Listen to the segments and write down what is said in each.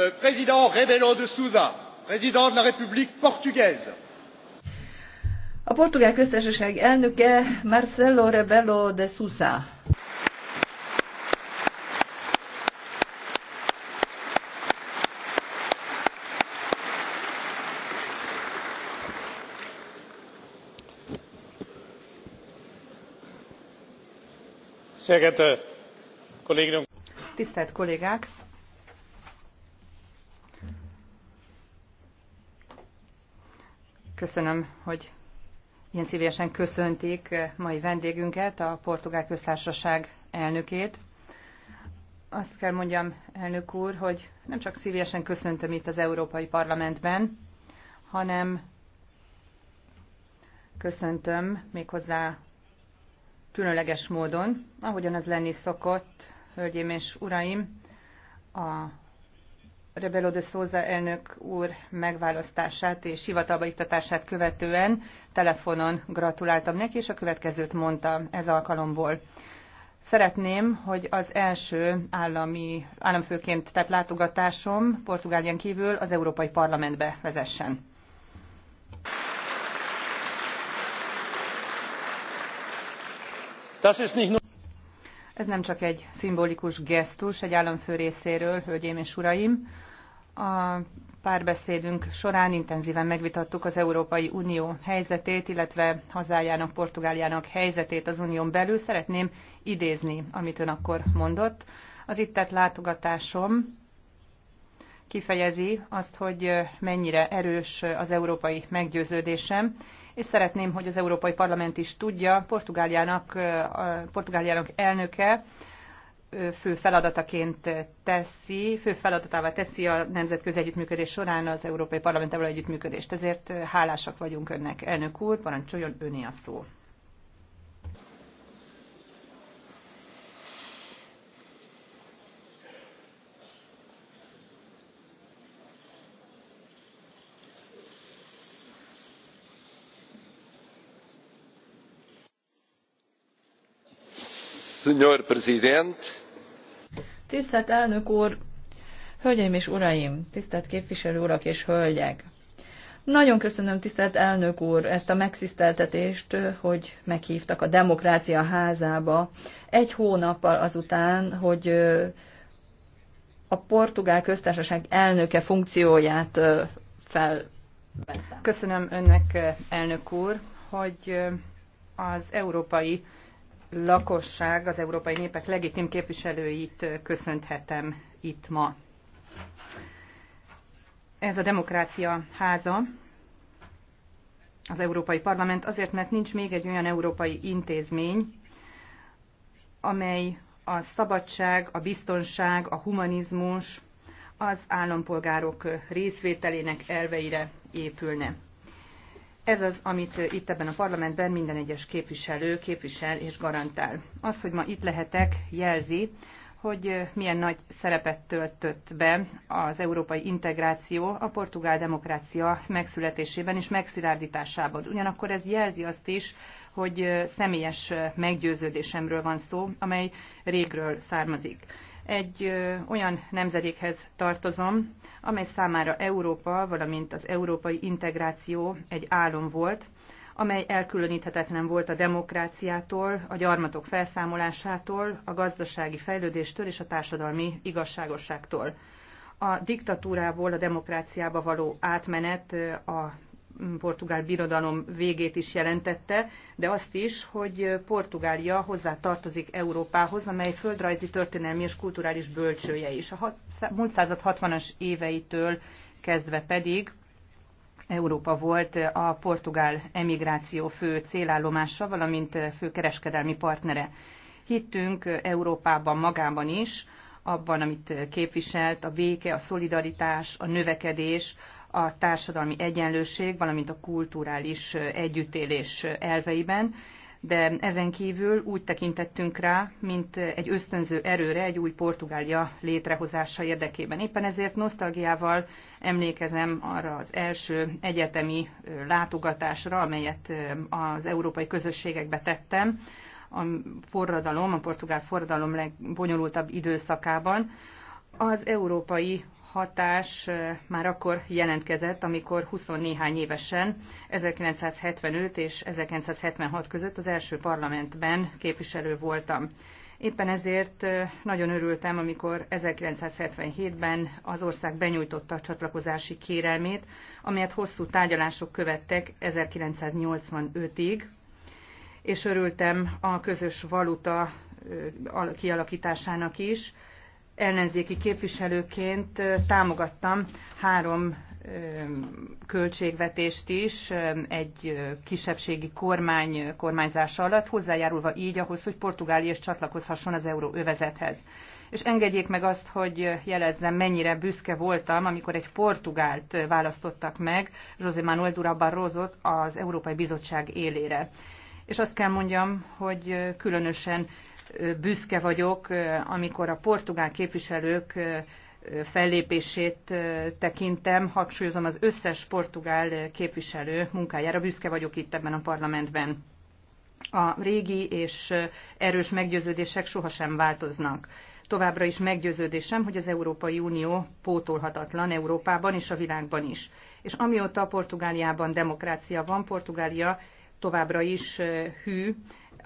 euh, président Rebelo de Sousa, président de la République portugaise. A portugál köztársaság elnöke Marcelo Rebelo de Sousa. Tisztelt kollégák! Köszönöm, hogy ilyen szívesen köszöntik eh, mai vendégünket, a Portugál Köztársaság elnökét. Azt kell mondjam, elnök úr, hogy nem csak szívesen köszöntöm itt az Európai Parlamentben, hanem köszöntöm méghozzá különleges módon, ahogyan az lenni szokott, hölgyeim és uraim, a Rebelo de Souza elnök úr megválasztását és hivatalba iktatását követően telefonon gratuláltam neki, és a következőt mondta ez alkalomból. Szeretném, hogy az első állami, államfőként tett látogatásom Portugálián kívül az Európai Parlamentbe vezessen. Das ist nicht nur ez nem csak egy szimbolikus gesztus egy államfő részéről, hölgyeim és uraim. A párbeszédünk során intenzíven megvitattuk az Európai Unió helyzetét, illetve hazájának, Portugáliának helyzetét az unión belül. Szeretném idézni, amit ön akkor mondott. Az itt tett látogatásom kifejezi azt, hogy mennyire erős az európai meggyőződésem, és szeretném, hogy az Európai Parlament is tudja, Portugáliának, Portugáliának elnöke fő feladataként teszi, fő feladatává teszi a nemzetközi együttműködés során az Európai Parlament együttműködést. Ezért hálásak vagyunk önnek, elnök úr, parancsoljon öné a szó. Tisztelt elnök úr! Hölgyeim és uraim! Tisztelt képviselő urak és hölgyek! Nagyon köszönöm, tisztelt elnök úr, ezt a megsziszteltetést, hogy meghívtak a Demokrácia házába. Egy hónappal azután, hogy a portugál köztársaság elnöke funkcióját felvettem. Köszönöm önnek, elnök úr, hogy az európai lakosság, az európai népek legitim képviselőit köszönhetem itt ma. Ez a demokrácia háza, az Európai Parlament, azért, mert nincs még egy olyan európai intézmény, amely a szabadság, a biztonság, a humanizmus, az állampolgárok részvételének elveire épülne. Ez az, amit itt ebben a parlamentben minden egyes képviselő képvisel és garantál. Az, hogy ma itt lehetek, jelzi, hogy milyen nagy szerepet töltött be az európai integráció a portugál demokrácia megszületésében és megszilárdításában. Ugyanakkor ez jelzi azt is, hogy személyes meggyőződésemről van szó, amely régről származik egy olyan nemzedékhez tartozom, amely számára Európa, valamint az európai integráció egy álom volt, amely elkülöníthetetlen volt a demokráciától, a gyarmatok felszámolásától, a gazdasági fejlődéstől és a társadalmi igazságosságtól. A diktatúrából a demokráciába való átmenet a portugál birodalom végét is jelentette, de azt is, hogy Portugália hozzá tartozik Európához, amely földrajzi, történelmi és kulturális bölcsője is. A múlt század 60-as éveitől kezdve pedig Európa volt a portugál emigráció fő célállomása, valamint fő kereskedelmi partnere. Hittünk Európában magában is, abban, amit képviselt a béke, a szolidaritás, a növekedés, a társadalmi egyenlőség, valamint a kulturális együttélés elveiben, de ezen kívül úgy tekintettünk rá, mint egy ösztönző erőre egy új Portugália létrehozása érdekében. Éppen ezért nosztalgiával emlékezem arra az első egyetemi látogatásra, amelyet az európai közösségekbe tettem, a forradalom, a portugál forradalom legbonyolultabb időszakában, az európai hatás már akkor jelentkezett, amikor 20 néhány évesen 1975 és 1976 között az első parlamentben képviselő voltam. Éppen ezért nagyon örültem, amikor 1977-ben az ország benyújtotta a csatlakozási kérelmét, amelyet hosszú tárgyalások követtek 1985-ig, és örültem a közös valuta kialakításának is, ellenzéki képviselőként támogattam három költségvetést is egy kisebbségi kormány kormányzása alatt, hozzájárulva így ahhoz, hogy Portugália is csatlakozhasson az euróövezethez. És engedjék meg azt, hogy jelezzem, mennyire büszke voltam, amikor egy portugált választottak meg, José Manuel Dura Barrosot az Európai Bizottság élére. És azt kell mondjam, hogy különösen büszke vagyok, amikor a portugál képviselők fellépését tekintem, hangsúlyozom az összes portugál képviselő munkájára, büszke vagyok itt ebben a parlamentben. A régi és erős meggyőződések sohasem változnak. Továbbra is meggyőződésem, hogy az Európai Unió pótolhatatlan Európában és a világban is. És amióta Portugáliában demokrácia van, Portugália továbbra is hű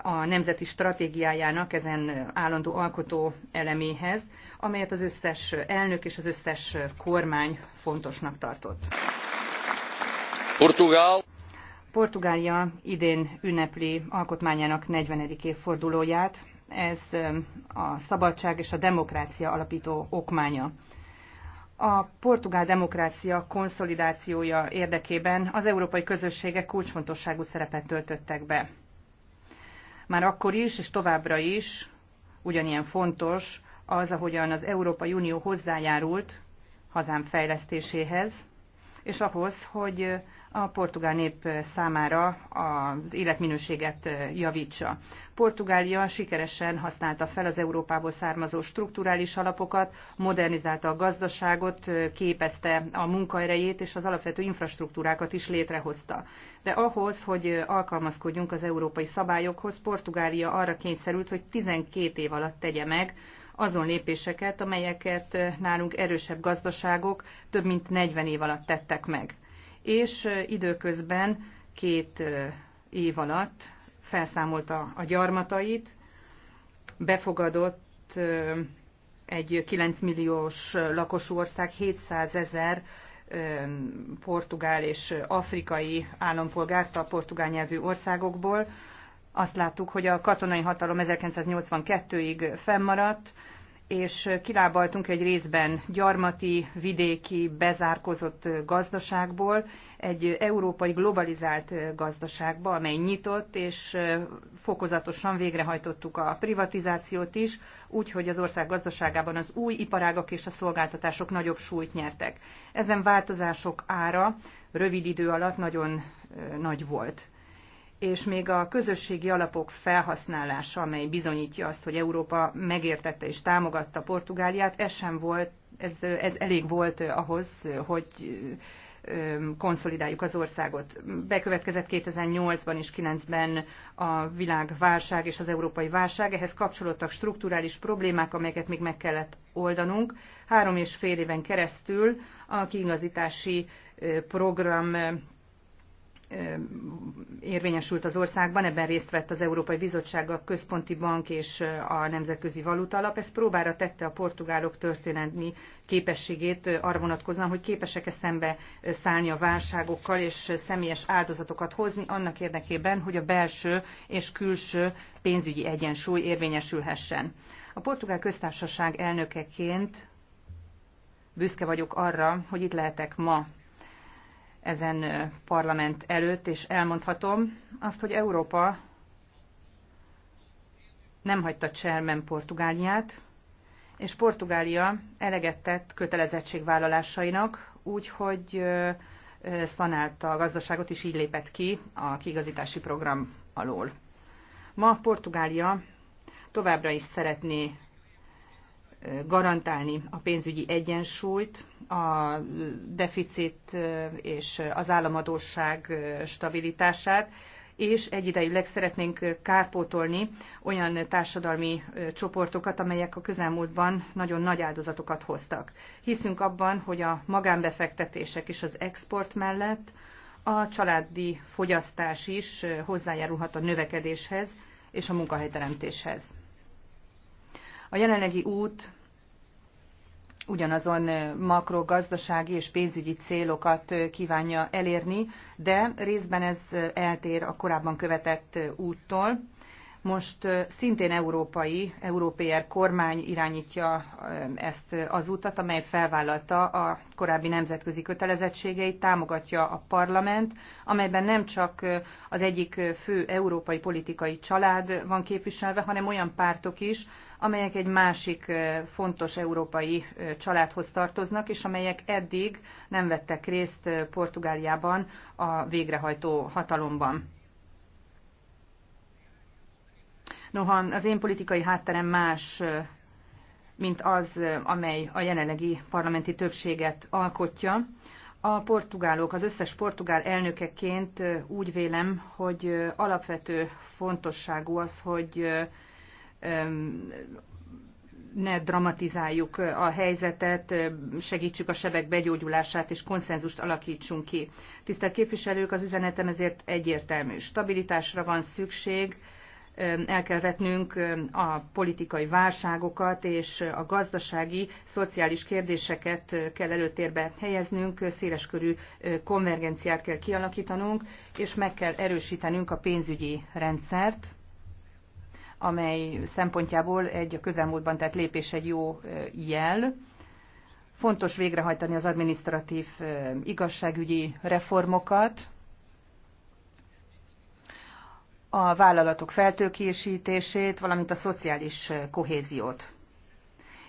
a nemzeti stratégiájának ezen állandó alkotó eleméhez, amelyet az összes elnök és az összes kormány fontosnak tartott. Portugál. Portugália idén ünnepli alkotmányának 40. évfordulóját. Ez a szabadság és a demokrácia alapító okmánya a portugál demokrácia konszolidációja érdekében az európai közösségek kulcsfontosságú szerepet töltöttek be. Már akkor is és továbbra is ugyanilyen fontos az, ahogyan az Európai Unió hozzájárult hazám fejlesztéséhez, és ahhoz, hogy a portugál nép számára az életminőséget javítsa. Portugália sikeresen használta fel az Európából származó strukturális alapokat, modernizálta a gazdaságot, képezte a munkaerejét és az alapvető infrastruktúrákat is létrehozta. De ahhoz, hogy alkalmazkodjunk az európai szabályokhoz, Portugália arra kényszerült, hogy 12 év alatt tegye meg, azon lépéseket, amelyeket nálunk erősebb gazdaságok több mint 40 év alatt tettek meg. És időközben két év alatt felszámolta a gyarmatait, befogadott egy 9 milliós lakosú ország 700 ezer portugál és afrikai állampolgárt a portugál nyelvű országokból, azt láttuk, hogy a katonai hatalom 1982-ig fennmaradt, és kilábaltunk egy részben gyarmati, vidéki, bezárkozott gazdaságból egy európai globalizált gazdaságba, amely nyitott, és fokozatosan végrehajtottuk a privatizációt is, úgyhogy az ország gazdaságában az új iparágak és a szolgáltatások nagyobb súlyt nyertek. Ezen változások ára rövid idő alatt nagyon nagy volt és még a közösségi alapok felhasználása, amely bizonyítja azt, hogy Európa megértette és támogatta Portugáliát, ez sem volt, ez, ez elég volt ahhoz, hogy konszolidáljuk az országot. Bekövetkezett 2008-ban és 2009-ben a világválság és az európai válság, ehhez kapcsolódtak strukturális problémák, amelyeket még meg kellett oldanunk. Három és fél éven keresztül a kiigazítási program érvényesült az országban, ebben részt vett az Európai Bizottság, a Központi Bank és a Nemzetközi Valuta Alap. Ez próbára tette a portugálok történelmi képességét arra vonatkozóan, hogy képesek-e szembe szállni a válságokkal és személyes áldozatokat hozni annak érdekében, hogy a belső és külső pénzügyi egyensúly érvényesülhessen. A portugál köztársaság elnökeként büszke vagyok arra, hogy itt lehetek ma ezen parlament előtt, és elmondhatom azt, hogy Európa nem hagyta csermen Portugáliát, és Portugália eleget tett kötelezettségvállalásainak, úgyhogy szanálta a gazdaságot, és így lépett ki a kigazítási program alól. Ma Portugália továbbra is szeretné garantálni a pénzügyi egyensúlyt, a deficit és az államadóság stabilitását, és egyidejűleg szeretnénk kárpótolni olyan társadalmi csoportokat, amelyek a közelmúltban nagyon nagy áldozatokat hoztak. Hiszünk abban, hogy a magánbefektetések és az export mellett a családi fogyasztás is hozzájárulhat a növekedéshez és a munkahelyteremtéshez. A jelenlegi út ugyanazon makrogazdasági és pénzügyi célokat kívánja elérni, de részben ez eltér a korábban követett úttól most szintén európai, európai kormány irányítja ezt az utat, amely felvállalta a korábbi nemzetközi kötelezettségeit, támogatja a parlament, amelyben nem csak az egyik fő európai politikai család van képviselve, hanem olyan pártok is, amelyek egy másik fontos európai családhoz tartoznak, és amelyek eddig nem vettek részt Portugáliában a végrehajtó hatalomban. Noha az én politikai hátterem más, mint az, amely a jelenlegi parlamenti többséget alkotja. A portugálok, az összes portugál elnökeként úgy vélem, hogy alapvető fontosságú az, hogy ne dramatizáljuk a helyzetet, segítsük a sebek begyógyulását és konszenzust alakítsunk ki. Tisztelt képviselők, az üzenetem ezért egyértelmű. Stabilitásra van szükség, el kell vetnünk a politikai válságokat és a gazdasági, szociális kérdéseket kell előtérbe helyeznünk, széleskörű konvergenciát kell kialakítanunk, és meg kell erősítenünk a pénzügyi rendszert, amely szempontjából egy a közelmúltban tett lépés egy jó jel. Fontos végrehajtani az administratív igazságügyi reformokat, a vállalatok feltőkésítését, valamint a szociális kohéziót.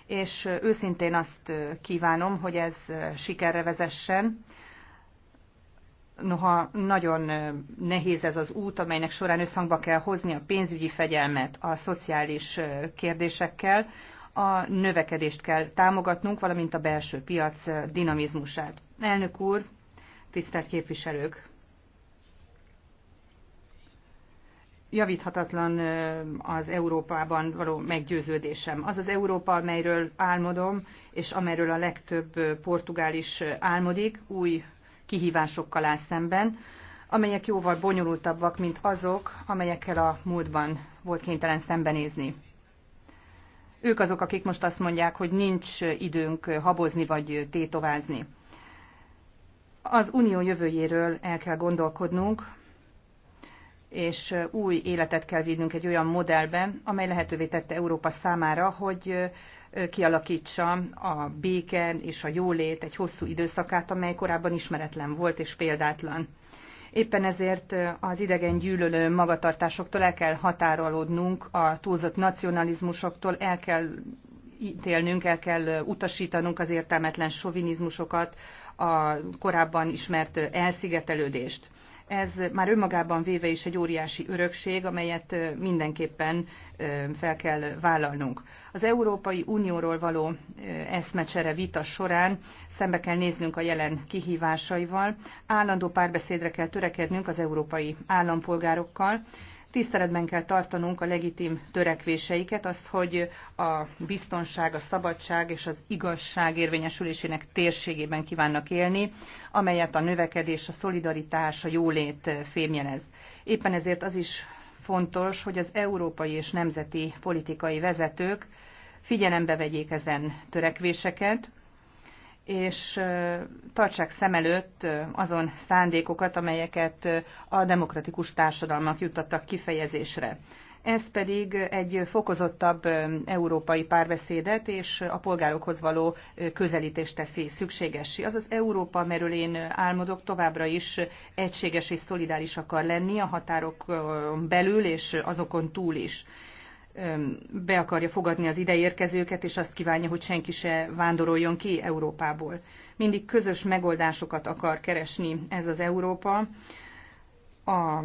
És őszintén azt kívánom, hogy ez sikerre vezessen, noha nagyon nehéz ez az út, amelynek során összhangba kell hozni a pénzügyi fegyelmet a szociális kérdésekkel, a növekedést kell támogatnunk, valamint a belső piac dinamizmusát. Elnök úr, tisztelt képviselők! javíthatatlan az Európában való meggyőződésem. Az az Európa, amelyről álmodom, és amelyről a legtöbb portugál is álmodik, új kihívásokkal áll szemben, amelyek jóval bonyolultabbak, mint azok, amelyekkel a múltban volt kénytelen szembenézni. Ők azok, akik most azt mondják, hogy nincs időnk habozni vagy tétovázni. Az unió jövőjéről el kell gondolkodnunk, és új életet kell vinnünk egy olyan modellben, amely lehetővé tette Európa számára, hogy kialakítsa a béke és a jólét egy hosszú időszakát, amely korábban ismeretlen volt és példátlan. Éppen ezért az idegen gyűlölő magatartásoktól el kell határolódnunk, a túlzott nacionalizmusoktól el kell ítélnünk, el kell utasítanunk az értelmetlen sovinizmusokat, a korábban ismert elszigetelődést. Ez már önmagában véve is egy óriási örökség, amelyet mindenképpen fel kell vállalnunk. Az Európai Unióról való eszmecsere vita során szembe kell néznünk a jelen kihívásaival, állandó párbeszédre kell törekednünk az európai állampolgárokkal, tiszteletben kell tartanunk a legitim törekvéseiket, azt, hogy a biztonság, a szabadság és az igazság érvényesülésének térségében kívánnak élni, amelyet a növekedés, a szolidaritás, a jólét fémjelez. Éppen ezért az is fontos, hogy az európai és nemzeti politikai vezetők figyelembe vegyék ezen törekvéseket, és tartsák szem előtt azon szándékokat, amelyeket a demokratikus társadalmak juttattak kifejezésre. Ez pedig egy fokozottabb európai párbeszédet és a polgárokhoz való közelítést teszi szükségessé. Az az Európa, amiről én álmodok, továbbra is egységes és szolidáris akar lenni a határok belül és azokon túl is be akarja fogadni az ideérkezőket, és azt kívánja, hogy senki se vándoroljon ki Európából. Mindig közös megoldásokat akar keresni ez az Európa. A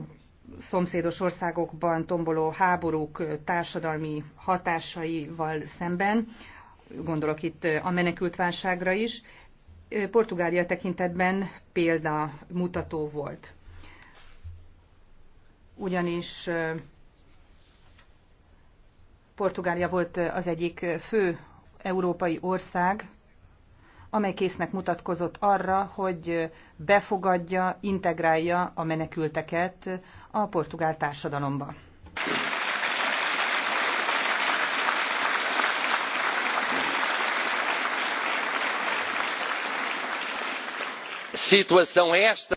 szomszédos országokban tomboló háborúk társadalmi hatásaival szemben, gondolok itt a menekültválságra is, Portugália tekintetben példa mutató volt. Ugyanis Portugália volt az egyik fő európai ország, amely késznek mutatkozott arra, hogy befogadja, integrálja a menekülteket a portugál társadalomba. Situação esta.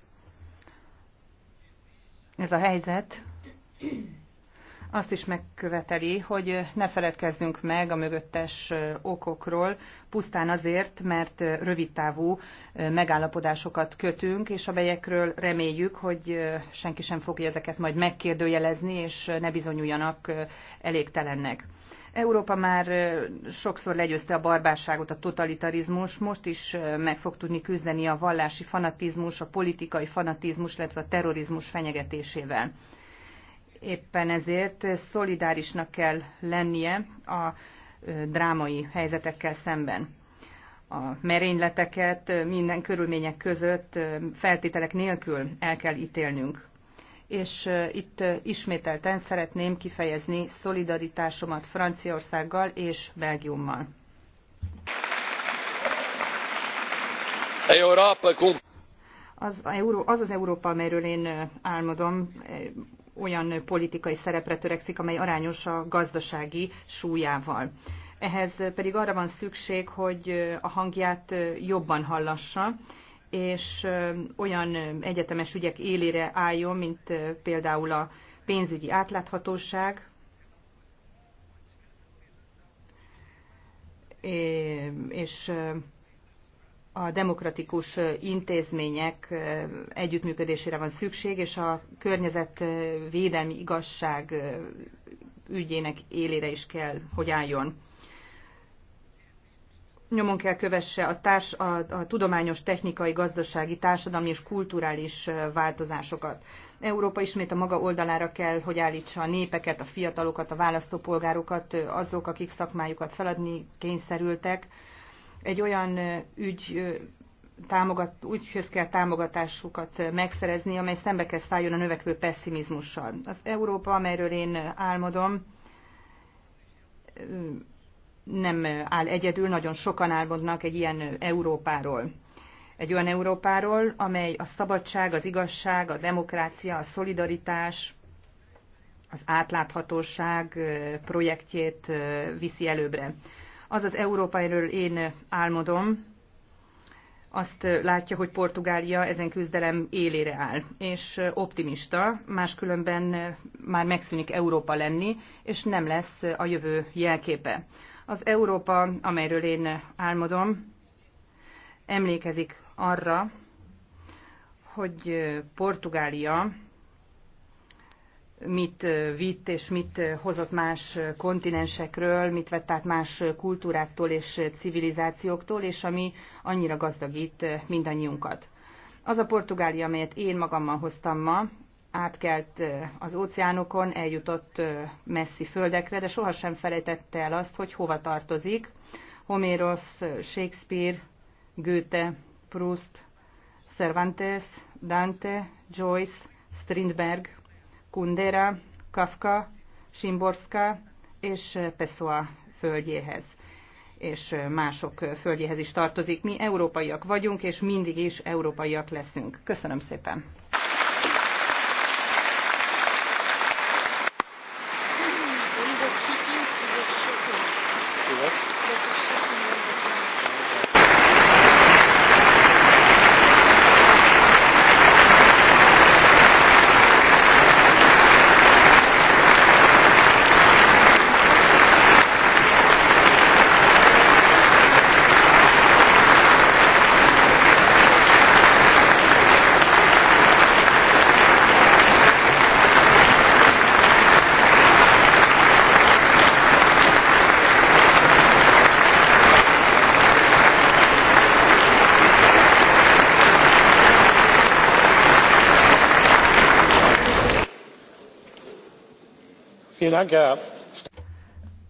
Ez a helyzet azt is megköveteli, hogy ne feledkezzünk meg a mögöttes okokról, pusztán azért, mert rövidtávú megállapodásokat kötünk, és amelyekről reméljük, hogy senki sem fogja ezeket majd megkérdőjelezni, és ne bizonyuljanak elégtelennek. Európa már sokszor legyőzte a barbárságot, a totalitarizmus, most is meg fog tudni küzdeni a vallási fanatizmus, a politikai fanatizmus, illetve a terrorizmus fenyegetésével Éppen ezért szolidárisnak kell lennie a drámai helyzetekkel szemben. A merényleteket minden körülmények között, feltételek nélkül el kell ítélnünk. És itt ismételten szeretném kifejezni szolidaritásomat Franciaországgal és Belgiummal. Az, az az Európa, amelyről én álmodom, olyan politikai szerepre törekszik, amely arányos a gazdasági súlyával. Ehhez pedig arra van szükség, hogy a hangját jobban hallassa, és olyan egyetemes ügyek élére álljon, mint például a pénzügyi átláthatóság, és a demokratikus intézmények együttműködésére van szükség, és a környezetvédelmi igazság ügyének élére is kell, hogy álljon. Nyomon kell kövesse a, társ, a, a tudományos, technikai, gazdasági, társadalmi és kulturális változásokat. Európa ismét a maga oldalára kell, hogy állítsa a népeket, a fiatalokat, a választópolgárokat, azok, akik szakmájukat feladni kényszerültek, egy olyan ügy támogat, úgyhöz kell támogatásukat megszerezni, amely szembe kell szálljon a növekvő pessimizmussal. Az Európa, amelyről én álmodom, nem áll egyedül, nagyon sokan álmodnak egy ilyen Európáról. Egy olyan Európáról, amely a szabadság, az igazság, a demokrácia, a szolidaritás, az átláthatóság projektjét viszi előbbre az az Európa, erről én álmodom, azt látja, hogy Portugália ezen küzdelem élére áll, és optimista, máskülönben már megszűnik Európa lenni, és nem lesz a jövő jelképe. Az Európa, amelyről én álmodom, emlékezik arra, hogy Portugália mit vitt és mit hozott más kontinensekről, mit vett át más kultúráktól és civilizációktól, és ami annyira gazdagít mindannyiunkat. Az a Portugália, amelyet én magammal hoztam ma, átkelt az óceánokon, eljutott messzi földekre, de sohasem felejtette el azt, hogy hova tartozik. Homérosz, Shakespeare, Goethe, Proust, Cervantes, Dante, Joyce, Strindberg, Kundera, Kafka, Simborska és Pessoa földjéhez és mások földjéhez is tartozik. Mi európaiak vagyunk, és mindig is európaiak leszünk. Köszönöm szépen!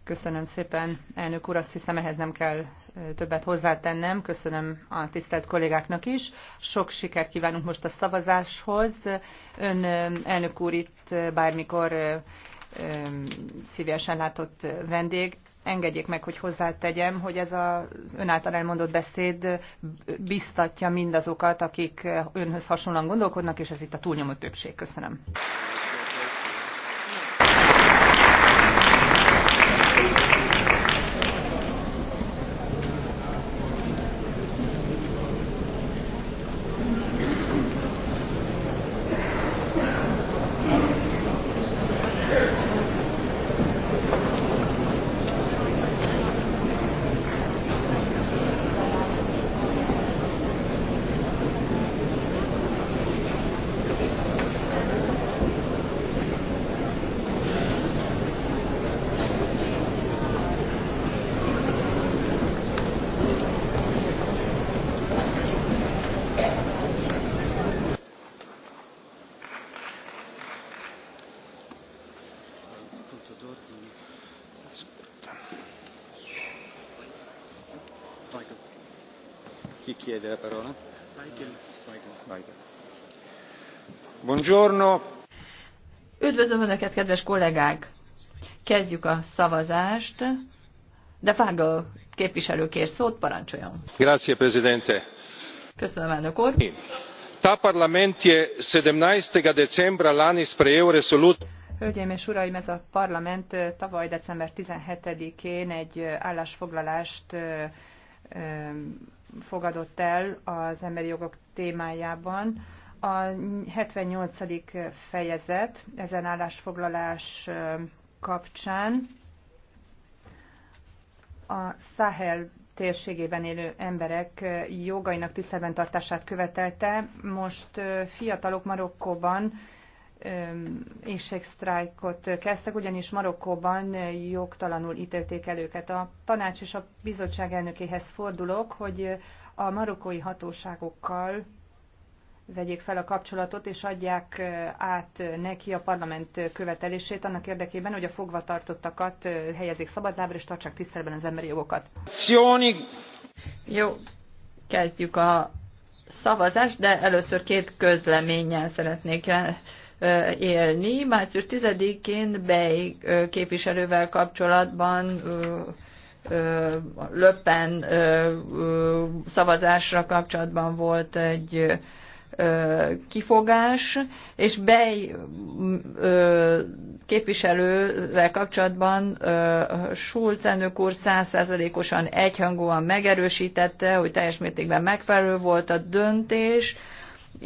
Köszönöm szépen, elnök úr, azt hiszem ehhez nem kell többet hozzátennem. Köszönöm a tisztelt kollégáknak is. Sok sikert kívánunk most a szavazáshoz. Ön, elnök úr, itt bármikor szívesen látott vendég. Engedjék meg, hogy hozzátegyem, hogy ez az ön által elmondott beszéd biztatja mindazokat, akik önhöz hasonlóan gondolkodnak, és ez itt a túlnyomó többség. Köszönöm. chiede la parola? Michael. Michael. Buongiorno. Üdvözlöm Önöket, kedves kollégák! Kezdjük a szavazást. De Fágol képviselő kér szót, parancsoljon. Grazie, Presidente. Köszönöm, elnök úr. Ta parlament je 17. decembra lani sprejel resolucijo. Hölgyeim és Uraim, ez a parlament tavaly december 17-én egy állásfoglalást fogadott el az emberi jogok témájában. A 78. fejezet ezen állásfoglalás kapcsán a Sahel térségében élő emberek jogainak tiszteletben tartását követelte. Most fiatalok Marokkóban éjségsztrájkot kezdtek, ugyanis Marokkóban jogtalanul ítélték el őket. A tanács és a bizottság elnökéhez fordulok, hogy a marokkói hatóságokkal vegyék fel a kapcsolatot, és adják át neki a parlament követelését annak érdekében, hogy a fogvatartottakat helyezik szabadlábra, és tartsák tiszteletben az emberi jogokat. Jó, kezdjük a szavazást, de először két közleménnyel szeretnék élni. Március 10-én Bey képviselővel kapcsolatban löppen szavazásra kapcsolatban volt egy kifogás, és Bey képviselővel kapcsolatban Schulz elnök úr százszázalékosan egyhangúan megerősítette, hogy teljes mértékben megfelelő volt a döntés,